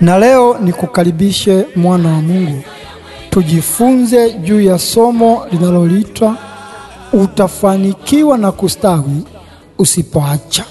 Na leo nikukaribishe mwana wa Mungu, tujifunze juu ya somo linaloitwa utafanikiwa na kustawi usipoacha.